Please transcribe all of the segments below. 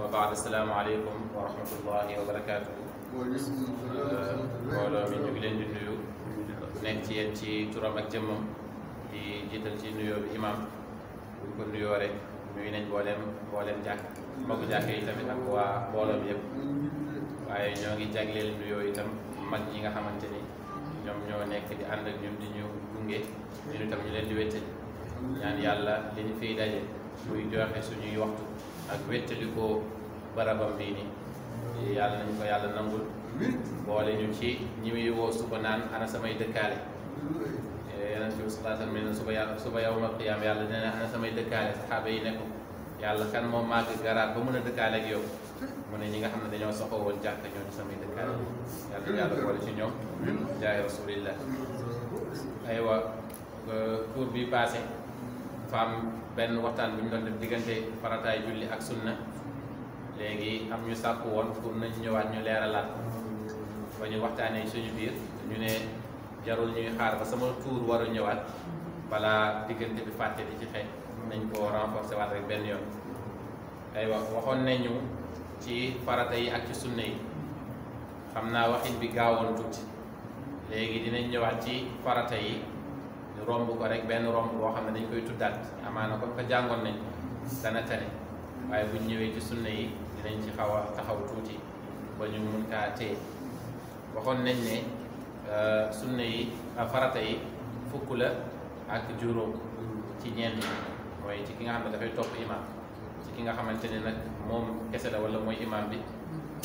وبعد السلام عليكم ورحمة الله وبركاته. وعليكم السلام ورحمة الله وبركاته. وعليكم السلام ورحمة الله وبركاته. وعليكم السلام ورحمة الله وبركاته. وعليكم السلام ورحمة الله وبركاته. وعليكم السلام ورحمة الله وبركاته. وعليكم السلام ورحمة الله وبركاته. وعليكم السلام ورحمة الله وبركاته. وعليكم السلام ورحمة الله وبركاته. وعليكم السلام ورحمة الله وبركاته. وعليكم السلام ورحمة الله وبركاته. وعليكم السلام ورحمة الله وبركاته. وعليكم السلام ورحمة الله وبركاته. وعليكم السلام ورحمة الله وبركاته. وعليكم السلام ورحمة الله وبركاته. وعليكم السلام ورحمة الله وبركاته. وعليكم السلام ورحمة الله وبركاته. وعليكم ak wéttali ko barabam bii nii yàlla nañu ko nangul boole ñu ci ñi muy woo suba naan ana samay dëkkaale eh, yeneen suba yàlla suba yawmal qiyaam ana samay dëkkaale saxaaba yi ne kan moo màgg garaat ba mën a dëkkaale ak yow mu ne ñi nga xam ne dañoo soxoo woon jàkk ñoo samay dëkkaale yàlla boole ci ñoom jaay rasulillah aywa pour eh, bi passé dafa benn waxtaan bu ñu doon def diggante farataay julli ak sunna léegi am ñu sàkk woon pour nañ ñëwaat ñu leeralaat ba ñu waxtaanee suñu biir ñu ne jarul ñuy xaar ba sama tuur waru ñëwaat balaa diggante bi fàtte di ci xeeñ nañ ko renforcer waat rek benn yoon aywa waxoon nañu ci farata yi ak ci sunna yi xam naa waxin bi gaawoon tuuti léegi dinañ ñëwaat ci farata yi ñu romb ko rek benn romb boo xam ne dañ koy tuddaat amaana comme que jàngoon nañ dana tane waaye buñ ñëwee ci sunna yi dinañ ci xaw a taxaw tuuti ba ñu mun waxoon nañ ne euh, sunna yi euh, farata yi fukk la ak juróom ci ñenn ci ki nga xam ci ki nga xamante ne nag moom kese la wala mooy imaam bi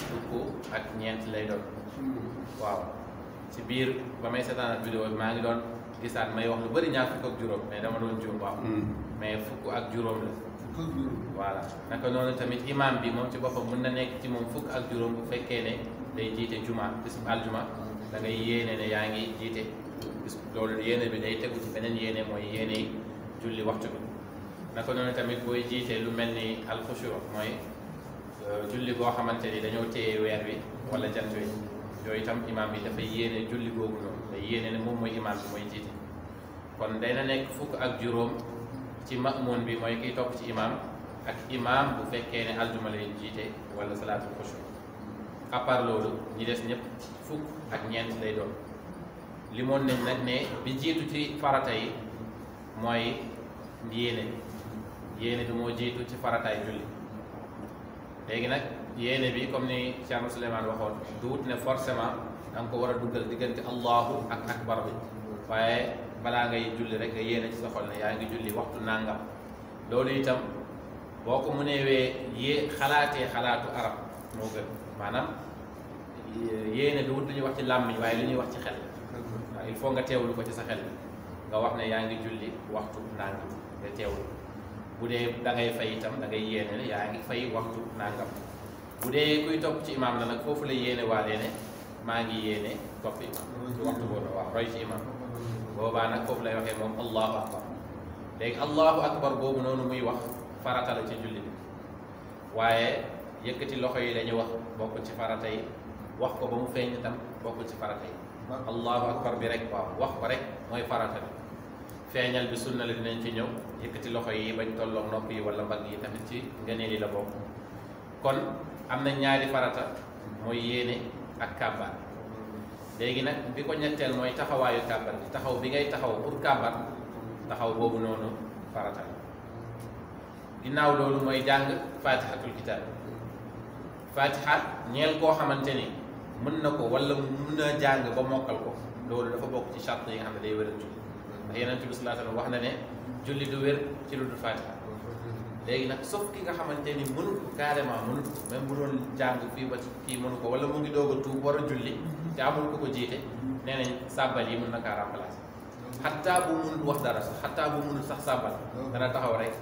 fukk ak ñeent lay doon hmm. waaw ci biir ba may seetaanat vidéo bi maa ngi doon gisaan may wax lu bëri ñaar fukk ak juróom mais dama doon juum waaw mm. mais fukk ak juróom la naka noonu tamit imam bi moom ci boppam mun na nekk ci moom fukk ak juróom bu fekkee ne day jiite juma bis bu aljuma da ngay ne yaa ngi jiite bis loolu yéene bi day tegu ci beneen yéene mooy yéene julli waxtu bi naka noonu tamit booy jiite lu mel ni alxusuro mooy euh, julli boo xamante ni dañoo téye weer bi wala jant wi yooyu itam imaam bi dafay yéene julli googu noonu day yéene ne moom mooy imaam bi mooy jiite kon day na nekk fukk ak juróom ci ma'muun bi mooy kiy topp ci imaam ak imaam bu fekkee ne aljuma lay jiite wala salaatul xushu à part ñi des ñëpp fukk ak ñeent lay doon limoon nañ nag ne bi jiitu ci farata yi mooy yéene yéene bi moo jiitu ci farataay julli léegi nag yéene bi comme ni Thierno Souleymane waxoon du wut ne forcément danga ko war a duggal diggante allahu ak akbar bi waaye balaa ngay julli rek nga yéene ci sa xol ne yaa ngi julli waxtu nangam loolu itam boo ko mu neewee xalaatee xalaatu arab maanaam yéene du wut lu ñuy wax ci làmmiñ waaye lu ñuy wax ci xel waaw nga teewlu ko ci sa xel wax ne yaa ngi julli waxtu bu dee dangay ngay fay itam da ngay yéene yaa ngi fay waxtu nangam bu dee kuy topp ci imaam la nag foofu la yéene waalee ne maa ngi yéene topp imaam ci waxtu boobu waaw roy ci imaam boobaa nag foofu lay waxee moom allahu akbar boobu noonu muy wax farata ci julli bi yëkkati loxo yi la ñu wax bokkul ci farata wax ko mu feeñ tam ci farata yi allahu akbar rek waaw wax ko rek mooy farata bi feeñal bi sunna la dinañ ci ñëw yëkkati loxo yi bañ tolloog nopp yi wala mbagg yi tamit ci ngëneel yi la bokk kon am na ñaari farata mooy yéene ak kàbbar léegi nag bi ko ñetteel mooy taxawaayu kàbbar taxaw bi ngay taxaw pour kàbbar taxaw boobu noonu farata ginnaaw loolu mooy jàng faatihatul kitaab faatiha ñeel koo xamante ni mën na ko wala mën na jàng ba mokkal ko loolu dafa bokk ci charte yi nga xam ne day wéral julli yeneen bi sallallahu alayhi wax na ne julli du wér ci lu dul faatiha léegi nag sauf ki nga xamante ni mënu ko carrément mënu ko bu doon jàng fii ba kii mënu ko wala mu ngi doog a tuub war a julli te amul ko ko jiite nee sàbbal yi mën na kaa remplacer xattaa bu mënul wax sax xattaa bu mënul sax sàbbal dana taxaw rek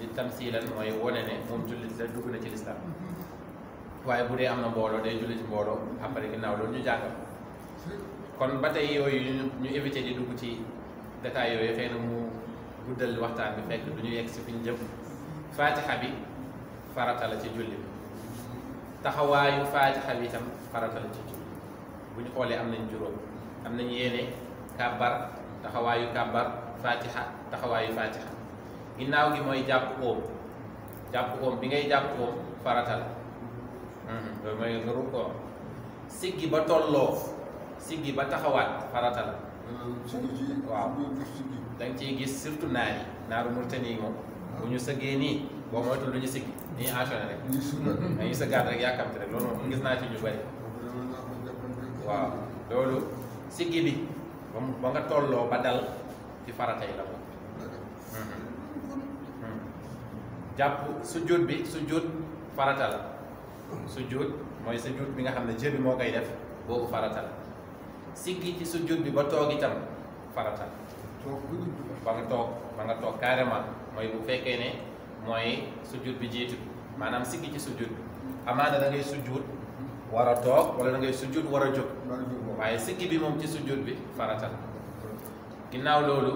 li tamsilan mooy wone ne moom jullit la dugg na ci lislaam waaye bu dee am na mbooloo day julli ci mbooloo après ginnaaw loolu ñu jàngal kon ba tey yooyu ñu éviter di dugg ci détails yooyu xëy na mu guddal waxtaan bi fekk du ñu si fi faatixa bi farata ci julli bi taxawaayu faatixa bi itam farata ci julli bu ñu xoolee am nañ juróom am nañ yéene kàbbar taxawaayu kàbbar faatixa taxawaayu faatixa ginnaaw gi mooy jàpp óom jàpp óom bi ngay jàpp óom farata mhm, loolu mooy nga rukkoo siggi ba tolloo siggi ba taxawaat farata la waaw gis surtout naar yi naaru Mauritanie moom bu ñu sëggee nii boo moytul ñu siggi dañuy enchaîné rek dañuy sëggaat rek yàkkamti rek loolu moom gis naa ci ñu bëri waaw loolu siggi bi ba nga tolloo ba dal ci farata yi la ko bi sujud farata la sujud mooy sujud bi nga xam ne bi moo koy def boobu farata la siggi ci sujjóot bi ba toog itam farata la ba nga ba nga carrément mooy bu fekkee ne mooy sujjuut bi jiitu maanaam siggi ci sujjuut bi amaana da ngay war a toog wala da ngay sujjuut war a jóg waaye siggi bi moom ci sujjuut bi farata la ginnaaw loolu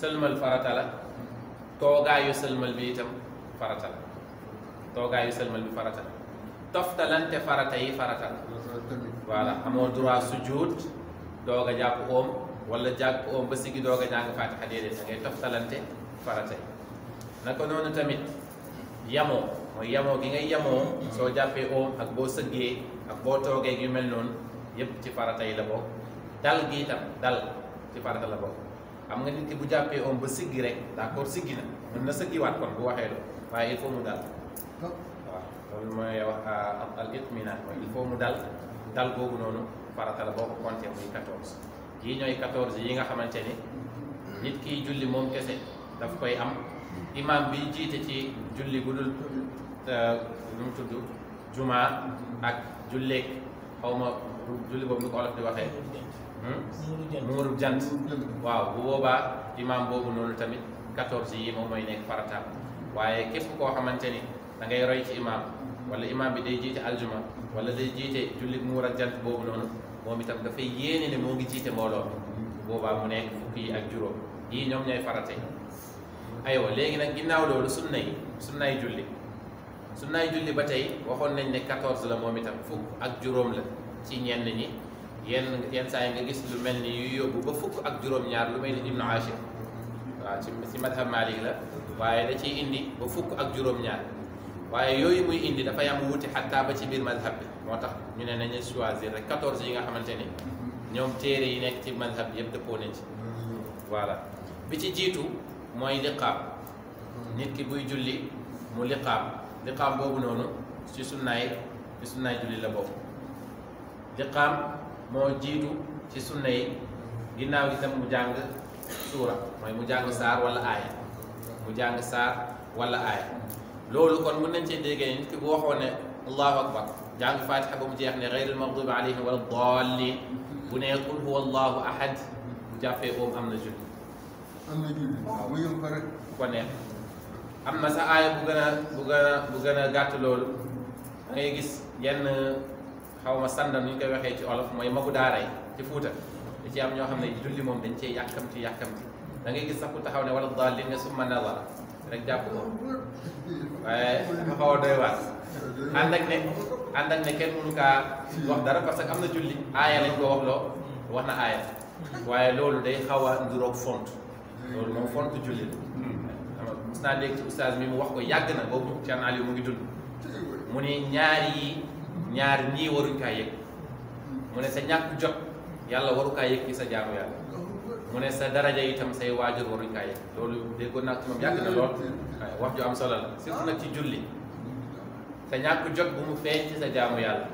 sëlmal farata la toogaayu sëlmal bi itam farata la toogaayu toftalante farata yi farata la voilà amoo droit sujjuut doog a jàpp oom wala jàpp oom ba sigi doog a jàng faatixa déedéet da ngay toftalante farata yi naka noonu tamit yamoo mooy yamoo gi ngay yamoo soo jàppee oom ak boo sëggee ak boo toogee yu mel noonu yépp ci farata yi la bokk dal gi itam dal ci farata la bokk xam nga nit ki bu jàppee oom ba siggi rek d'accord siggi na mën na sëggiwaat kon bu waxee loolu waaye il faut mu dal oh. waaw loolu ah, noonu farata la boo ko compté muy 14 yii ñooy 14 yi nga xamante ni nit kiy julli moom kese daf koy am imam bi jiite ci julli bu dul lu euh, mu tudd jumaa ak julleeg xaw julli boobu nu ko olof di waxee muuru hmm? jant waaw bu boobaa imam boobu noonu tamit quatorze yi moom mooy nekk farata waaye képp koo xamante ni da ngay roy ci imam wala imam bi day jiite aljuma wala day jiite julli muur ak jant boobu noonu moom itam dafay yéene ne moo ngi jiite mbooloo boobaa mu nekk fukki ak juróom yii ñoom ñooy farata aywa léegi nag ginnaaw loolu sunna yi sunna yi julli sunna yi julli ba tey waxoon nañ ne 14 la moom itam fukk ak juróom la ci ñenn ñi yenn yenn saa yi nga gis lu mel ni yuy yóbbu ba fukk ak juróom-ñaar lu mel ni Ibnu Ashir waaw ci ci madhab Maalik la waaye da ciy indi ba fukk ak juróom-ñaar waaye yooyu muy indi dafay am wuti xattaa ba ci biir madhab bi moo tax ñu ne nañu choisir rek 14 yi nga xamante ni ñoom téere yi nekk ci madhab bi yëpp dëppoo nañ ci mooy liqaam nit ki buy julli mu liqaam liqaam boobu noonu ci sunnaay ci sunnaay julli la boobu liqaam moo jiitu ci sunna yi ginnaaw itam mu jàng suura mooy mu jàng saar wala aaya mu jàng saar wala aaya loolu kon mën nañ cee déggee nit ki bu waxoon ne allahu akbar jàng fatiha ba mu jeex ne xeyril magdubi alayhim wala dallin bu nee qul huwa allahu ahad bu jàppee boobu am na julli am na julli waaw mu yëm ko rek ko neex na sa aaya bu gën a bu gën a bu gën a gàtt loolu da gis yenn xaw ma sanda nu ñu koy waxee ci olof mooy magu daara yi ci fuuta da ci am ñoo xam ne julli moom dañ cee yàkkamti yàkkamti da ngay gis sax ku taxaw ne wala daal li ne summa nazara rek jàpp ko waaye dafa xaw a doy waar ànd ak ne ànd ak ne kenn mënu kaa wax dara parce que am na julli aaya lañ ko wax loo wax na aaya waaye loolu day xaw a font loolu moo fonk julli hmm. mos naa dégg ci oustaz mi mu wax ko yàgg na boobu Thierno Aliou mu ngi dund mu ne ñaar yi ñaar ñii waruñ kaa yëg mu ne sa ñàkk jot yàlla waru kaa yëg ci sa jaamu yàlla mu ne sa daraja tam say waajur waruñ kaa yëg loolu déggoon naa ci moom yàgg na lool wax ju am solo la surtout nag ci julli sa ñàkk jot bu mu feeñ ci sa jaamu yàlla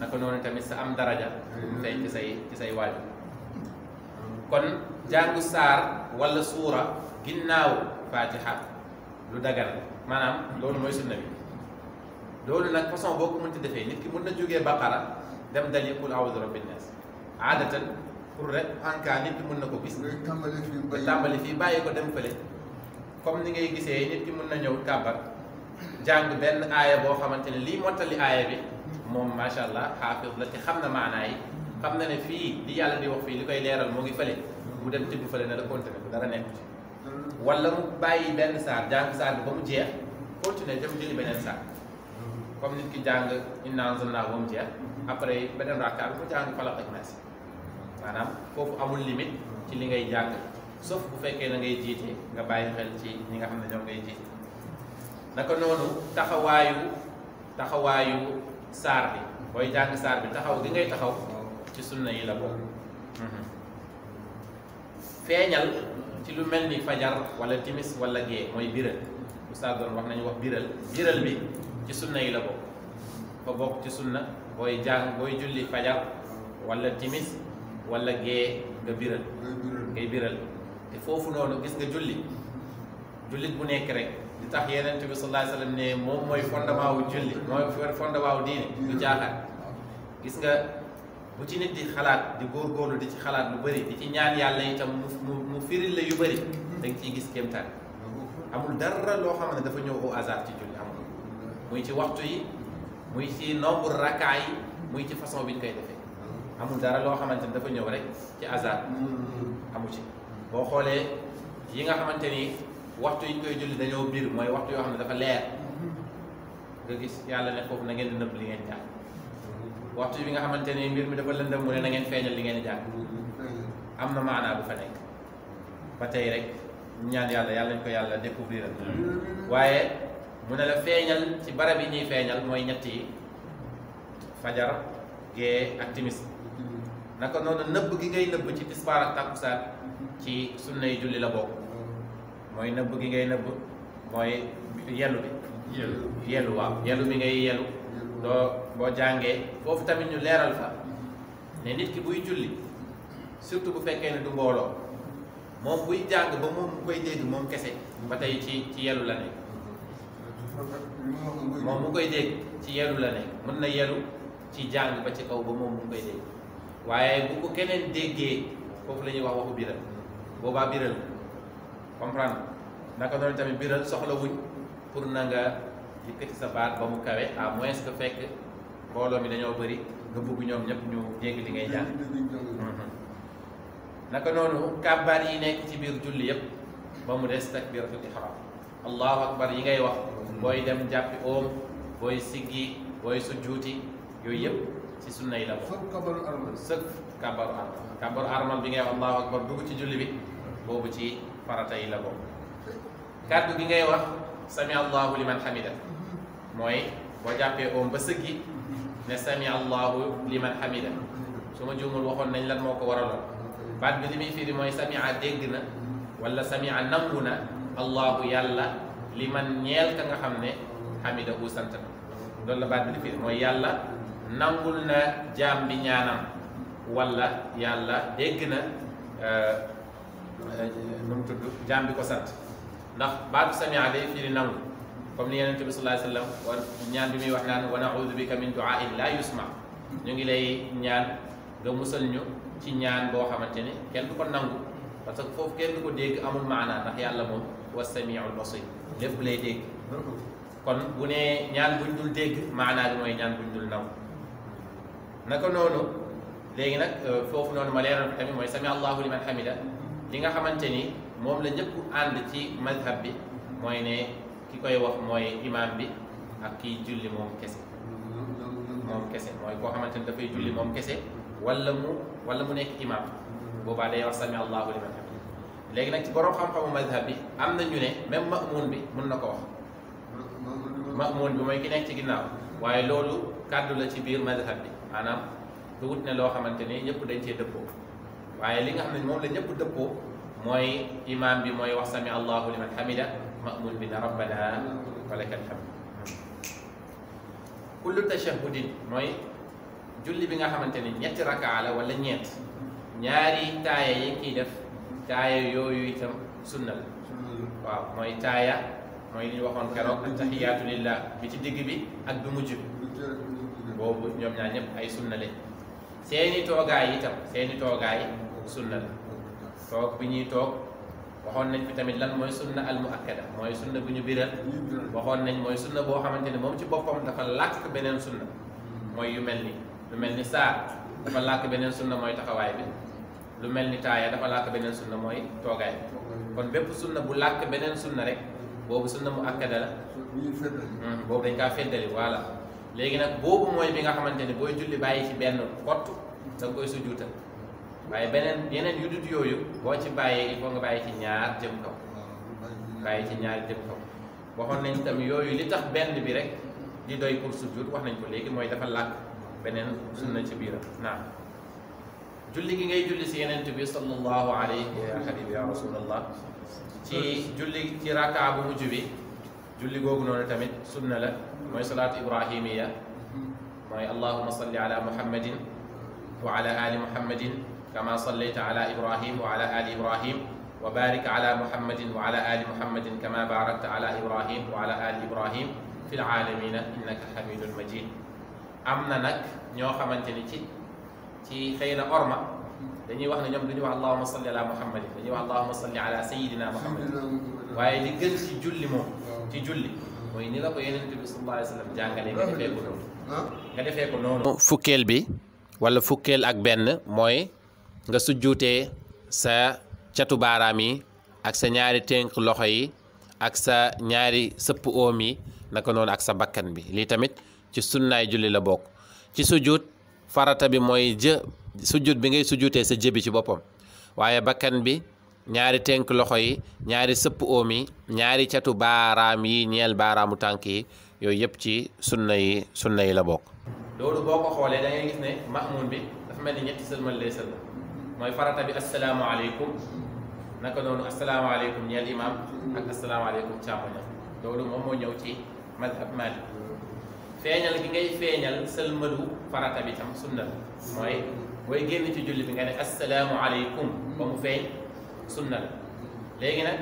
naka noonu tamit sa am daraja bu mu feeñ say ci say waajur kon جانغو سار ولا سورة جناو فاتحة لو دعانا ما نام لون موسى النبي لون لك فصام بوك من تدفعي نتك من نجوجي بقرة دم دليل كل عوض رب الناس عادة كل رك أن كان نتك من نكو بس بتعمل في باي قدم فلي كم نيجي كسي نتك من نجوا كبر جانغ بن آية بو خمن تني لي مرتلي آية بي مم ما شاء الله حافظ لك خمن معناه خمن في دي على دي وفي لكو يلير الموجي فلي mu dem tëdd fële na la continuer ko dara nekk ci wala mu bàyyi benn saar jàng saar bi ba mu jeex continuer dem jëli beneen saar comme nit ki jàng innaa anzalnaahu ba mu jeex après beneen rakkaa bi mu jàng falaq ak naas maanaam foofu amul limite ci li ngay jàng sauf bu fekkee na ngay jiite nga bàyyi xel ci ñi nga xam ne ñoom ngay jiite naka noonu taxawaayu taxawaayu saar bi booy jàng saar bi taxaw gi ngay taxaw ci sunna yi la bokk mhm. feeñal ci lu mel ni fajar wala timis wala gée mooy biral oustaz doon wax nañu wax biral biral bi ci sunna yi la bokk fa bokk ci sunna booy jàng booy julli fajar wala timis wala gée nga biral te foofu noonu gis nga julli jullit bu nekk rek di tax yeneen bi sallallahu alayhi ne moom mooy fondement julli mooy fondement wu diine jaaxal gis nga bu ci nit di xalaat di góorgóorlu di ci xalaat lu bëri di ci ñaan yàlla itam mu mu firil la yu bari da nga ciy gis kéemtaan amul dara loo xam ne dafa ñëw au hasard ci ci waxtu yi muy ci nombre rakkaa yi muy ci façon bi ñu koy amul dara loo xamante ni dafa ñëw rek ci hasard amu ci boo xoolee yi nga xamante ni waxtu yi ñu koy julli dañoo biir mooy waxtu yoo xam ne dafa leer nga gis yàlla ne foofu na ngeen nëbb li ngeen ñaan waxtu bi nga xamante ni mbir mi dafa lëndëm mu ne na ngeen feeñal li ngeen jàng am na maanaa bu fa nekk ba tey rek ñaan yàlla yàlla ñu ko yàlla découvrir waaye mu ne la feeñal ci barab yi ñuy feeñal mooy ñetti yi fajar gee ak timis naka noonu nëbb gi ngay nëbb ci tisbaar ak takkusaan ci sunna yi julli la bokk mooy nëbb gi ngay nëbb mooy yellu bi yellu waaw yellu mi ngay yellu doo boo jàngee foofu tamit ñu leeral fa ne nit ki buy julli surtout bu fekkee ne du mbooloo moom buy jàng ba moom mu koy dégg moom kese ba tey ci ci yelu la nekk moom mu koy dégg ci yelu la nekk mën na yelu ci jàng ba ci kaw ba moom mu koy dégg waaye bu ko keneen déggee foofu la ñuy wax waxu biral boobaa biral comprendre naka noonu tamit biral soxla wuñ pour na yëkkati sa baat ba mu kawe à moins que mbooloo mi dañoo bari nga bëgg ñoom ñëpp ñu dégg li ngay jàng naka noonu kàbbaar yi nekk ci biir julli yëpp ba mu des takbiratul ihram allahu akbar yi ngay wax mooy dem jàppi oom booy siggi booy sujjuuti yooyu yëpp ci sunna yi la bokk kabaru armal sëf kabaru armal kabaru armal bi ngay wax allahu akbar dugg ci julli bi boobu ci farata yi la bokk kàddu gi ngay wax sami allahu liman hamida mooy boo jàppee oom ba sëggi ne sami allahu liman hamida su ma juumul waxoon nañ lan moo ko waraloon baat bi li muy firi mooy samia dégg na wala samia nangu na allahu yàlla liman ñeel ka nga xam hamida hu sant na loolu la baat bi li firi yàlla nangul na jaam bi ñaanam wala yàlla dégg na nu mu tudd bi ko sant ndax baatu samia day firi nangu كم نيان النبي صلى الله عليه وسلم ونيان بمي وحنان ونعوذ بك من دعاء لا يسمع نيجي لي نيان قوم مسلم تي نيان بو خامتيني كين كو نانغو باسكو فوف كين كو ديغ امول معنا نخ يالا موم هو السميع البصير ليف بلاي ديغ كون بو ني نيان بو ندول ديغ معنا موي نيان بو ندول ناو نكو نونو legi nak fofu non ma leral tammi moy sami allah liman hamida li nga xamanteni mom la ñepp and ci madhhab bi moy ne ki koy wax mooy imaam bi ak kiy julli moom kese moom kese mooy koo xamante ni dafay julli moom kese wala mu wala mu nekk imaam boobaa day wax sami allahu liman hamid léegi nag ci borom xam-xamu mazhab bi am na ñu ne même ma'muun bi mun na ko wax ma'muun bi mooy ki nekk ci ginnaaw waaye loolu kàddu la ci biir mazhab bi maanaam duwut ne loo xamante ne ñëpp dañ cee dëppoo waaye li nga xam ne moom la ñëpp dëppoo mooy imaam bi mooy wax sami allahu liman ma'muul bi na rabbana wa lakal hamd kullu tashahudin mooy julli bi nga xamante ne ñetti rakaa la wala ñaari taaya yi def taaya yooyu itam sunna la waaw mooy taaya mooy li waxoon keroog taxiyaatu lillah bi ci digg bi ak bi mujj bi boobu ñoom ñaar ñëpp ay sunna lañ seeni toogaay itam seeni toogaay sunna la toog bi ñuy toog waxoon nañ fi tamit lan mooy sunna al muakkada mooy sunna bu ñu biral waxoon nañ mooy sunna boo xamante ni moom ci boppam dafa làkk beneen sunna mooy yu mel ni lu mel ni saar dafa làkk beneen sunna mooy taxawaay bi lu mel ni taaya dafa làkk beneen sunna mooy toogaay bi kon bépp sunna bu làkk beneen sunna rek boobu sunna mu akkada la boobu dañ kaa feddali voilà léegi nag boobu mooy bi nga xamante ni booy julli bàyyi ci benn kott da nga koy sujuutal waaye beneen yeneen yu yooyu boo ci bàyyee il faut nga bàyyi ci ñaar jëm kaw bàyyi ci ñaar jëm kaw waxoon nañ tam yooyu li tax benn bi rek di doy pour sujud wax nañ ko léegi mooy dafa làkk beneen sunna ci biiram naam julli gi ngay julli si yenent bi sallallahu alayhi wa habibi ya rasulallah ci julli ci rakaa bu mujj bi julli googu noonu tamit sunna la mooy salaatu ibrahimiya mooy allahuma salli ala muhammadin wa ala ali كما صليت على إبراهيم وعلى آل إبراهيم وبارك على محمد وعلى آل محمد كما باركت على إبراهيم وعلى آل إبراهيم في العالمين إنك حميد مجيد am na nag ñoo xamante ni ci ci xëy na orma dañuy wax ne ñoom duñu wax allahuma salli ala muhammadin dañuy wax allahuma salli ala sayidina muhammadin waaye li gën ci julli moom ci julli mooy ni la ko yeneen bi sallallahu alayhi wa sallam jàngalee nga defee ko noonu nga defee ko noonu fukkeel bi wala fukkeel ak benn mooy nga sujjuutee sa catu baaraam yi ak sa ñaari tënk loxo yi ak sa ñaari sëpp oom yi naka noonu ak sa bakkan bi lii tamit ci sunnaay julli la bokk ci sujjuut farata bi mooy jë sujjuut bi ngay sujjuutee sa jë bi ci boppam waaye bakkan bi ñaari tenk loxo yi ñaari sëpp oom yi ñaari catu baaraam yi ñeel baaraamu tànk yi yooyu yëpp ci sunna yi sunna yi la bokk. mooy farata bi asalaamaaleykum naka noonu asalaamaaleykum ñeel imam ak asalaamaaleykum càmmoñam loolu moom moo ñëw ci madhab Malik feeñal gi ngay feeñal sëlmalu farata bi tam sunna la mooy booy génn ci julli bi nga ne asalaamaaleykum ba mu feeñ sunna la léegi nag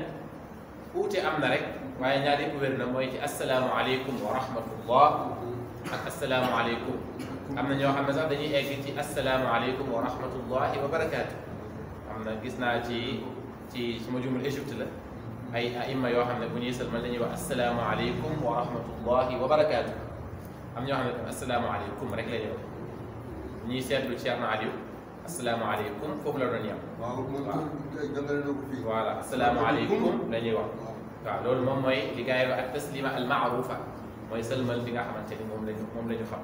uute am na rek waaye ñaari ku wér na mooy ci asalaamaaleykum wa rahmatullah ak asalaamaaleykum am na ñoo xam ne sax dañuy egg ci asalaamaaleykum wa rahmatullahi wa barakaatu am na gis naa ci ci su ma jumul Égypte la ay aima yoo xam ne bu ñuy sëlmal dañuy wax asalaamaaleykum wa rahmatullahi wa barakaatu am ñoo xam ne tam asalaamaaleykum rek la ñuy wax ñuy seetlu Thierno Aliou asalaamaaleykum foofu la doon yem. waaw moom jàngale na ko fii. voilà asalaamaaleykum la ñuy wax. waaw loolu moom mooy li gars yi wax ak taslima al maarufa mooy sëlmal bi nga xamante ni moom la ñu moom la ñu xam.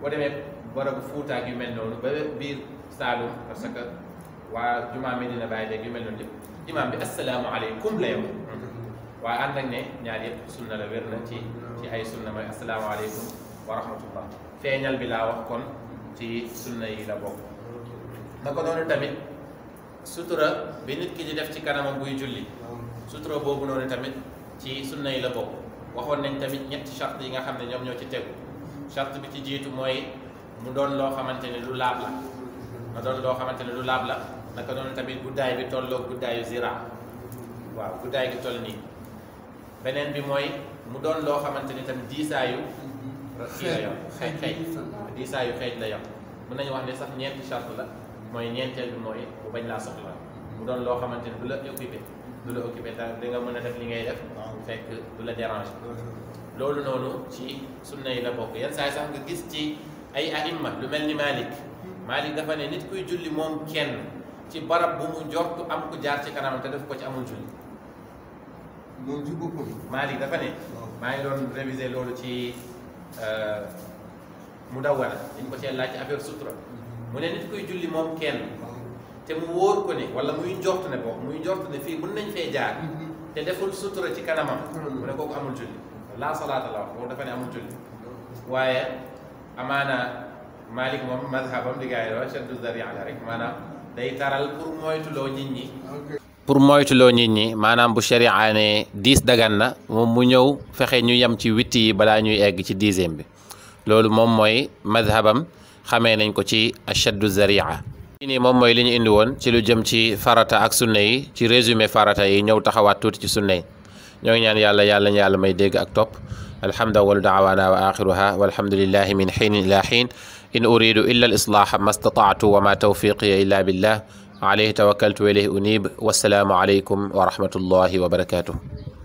وديمي برغ فوتا كي مل نون بي بير سالو باسكو وا جمعة مدينة باي دي مل نون امام بي السلام عليكم لا يوم وا اندك ني نيار ييب سنن تي تي اي سنن ما السلام عليكم ورحمه الله فينال بلا واخ كون تي سنن يي لا بوك نكو دون تاميت سوترا بي نيت كي دي داف تي كانام بوي جولي سوترا بوبو نون تاميت تي سنن يي لا بوك واخون نين تاميت نيت شرط ييغا خامني نيوم نيو تي تيغو charte bi ci jiitu mooy mu doon loo xamante ne lu laab la na doon loo xamante ne lu laab la naka noonu tamit guddaay bi tolloo guddaayu zira waaw guddaay gi toll nii beneen bi mooy mu doon loo xamante ni tam diisaayu kii la yam xeej xeej la yam mën nañu wax ne sax ñeenti charte la mooy ñeenteel bi mooy bu bañ laa soxla mu doon loo xamante ni du la occupé du la occupé da mën a def li ngay def fekk du la dérange loolu noonu ci sunna yi la bokk yenn saa yi sax nga gis ci ay aimma lu mel ni Malik Malik dafa ne nit kuy julli moom kenn ci barab bu mu njort am ku jaar ci kanam def ko ci amul julli. moom ci boppam. Malik oh. ngi doon loolu ci euh, mu dawwala dañ ko cee laaj affaire sutura. Mm-hmm. mu ne nit kuy julli moom kenn. Oh. te mu wóor ko ne wala muy njort ne bokk muy njort ne fii mun nañ fee jaar. Mm-hmm. te deful sutura ci kanamam. mu ne kooku amul julli. laa salaata la wax amul julli waaye amaana Malik moom mazhabam di gars zari'a la rek maanaam day taral pour moytuloo loo ñi. pour nit ñi maanaam bu sharia ne dix dagan na moom mu ñëw fexe ñu yem ci witti yi balaa ñuy egg ci dixième bi loolu moom mooy mazhabam xamee nañ ko ci shaddu zari'a. lii nii moom mooy li ñu indi woon ci lu jëm ci farata ak sunna ci résumé farata yi ñëw taxawaat tuuti ci sunna ñoo ngi ñaan yàlla yàlla ñu yàlla may dégg ak topp alhamda walu daawaana wa axiruha walhamdulillahi min xiin ila xiin in uridu illa al islaaha ma stataatu wa ma tawfiqiya illa billah alayhi tawakkaltu wa ilayhi unib wassalaamu alaykum wa rahmatullahi wa barakatuh